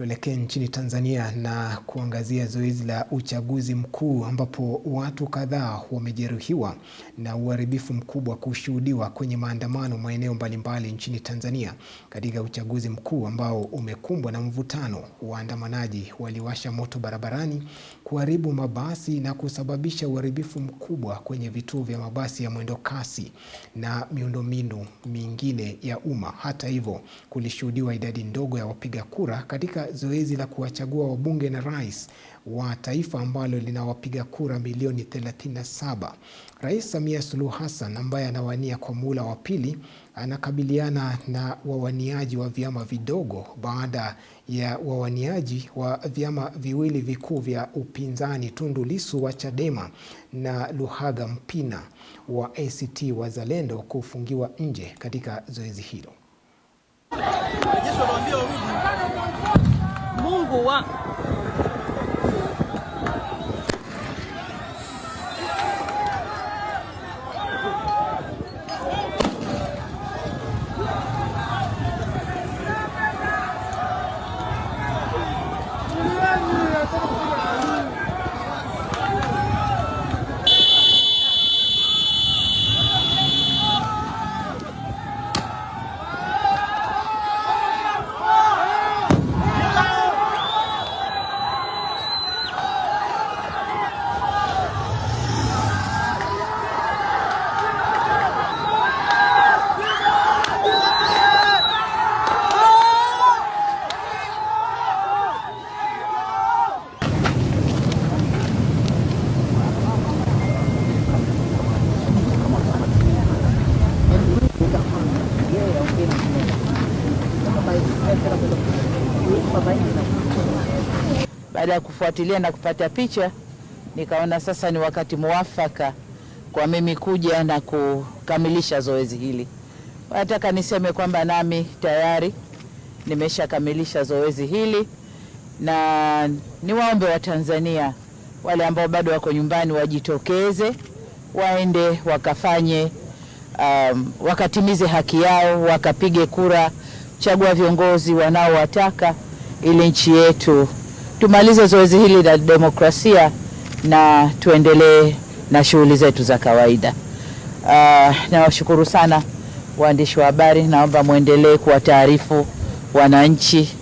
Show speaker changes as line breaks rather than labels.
Tuelekee nchini Tanzania na kuangazia zoezi la uchaguzi mkuu ambapo watu kadhaa wamejeruhiwa na uharibifu mkubwa kushuhudiwa kwenye maandamano maeneo mbalimbali nchini Tanzania katika uchaguzi mkuu ambao umekumbwa na mvutano. Waandamanaji waliwasha moto barabarani, kuharibu mabasi na kusababisha uharibifu mkubwa kwenye vituo vya mabasi ya mwendo kasi na miundombinu mingine ya umma. Hata hivyo, kulishuhudiwa idadi ndogo ya wapiga kura katika zoezi la kuwachagua wabunge na rais wa taifa ambalo linawapiga kura milioni 37. Rais Samia Suluhu Hassan ambaye anawania kwa muhula wa pili anakabiliana na wawaniaji wa vyama vidogo baada ya wawaniaji wa vyama viwili vikuu vya upinzani Tundu Lissu wa Chadema na Luhaga Mpina wa ACT Wazalendo kufungiwa nje katika zoezi hilo. 五万。
Baada ya kufuatilia na kupata picha, nikaona sasa ni wakati mwafaka kwa mimi kuja na kukamilisha zoezi hili. Nataka niseme kwamba nami tayari nimeshakamilisha zoezi hili, na niwaombe Watanzania wale ambao bado wako nyumbani wajitokeze, waende wakafanye um, wakatimize haki yao, wakapige kura chagua viongozi wanaowataka ili nchi yetu tumalize zoezi hili la demokrasia na tuendelee na shughuli zetu za kawaida. Uh, nawashukuru sana waandishi wa habari, naomba mwendelee kuwataarifu wananchi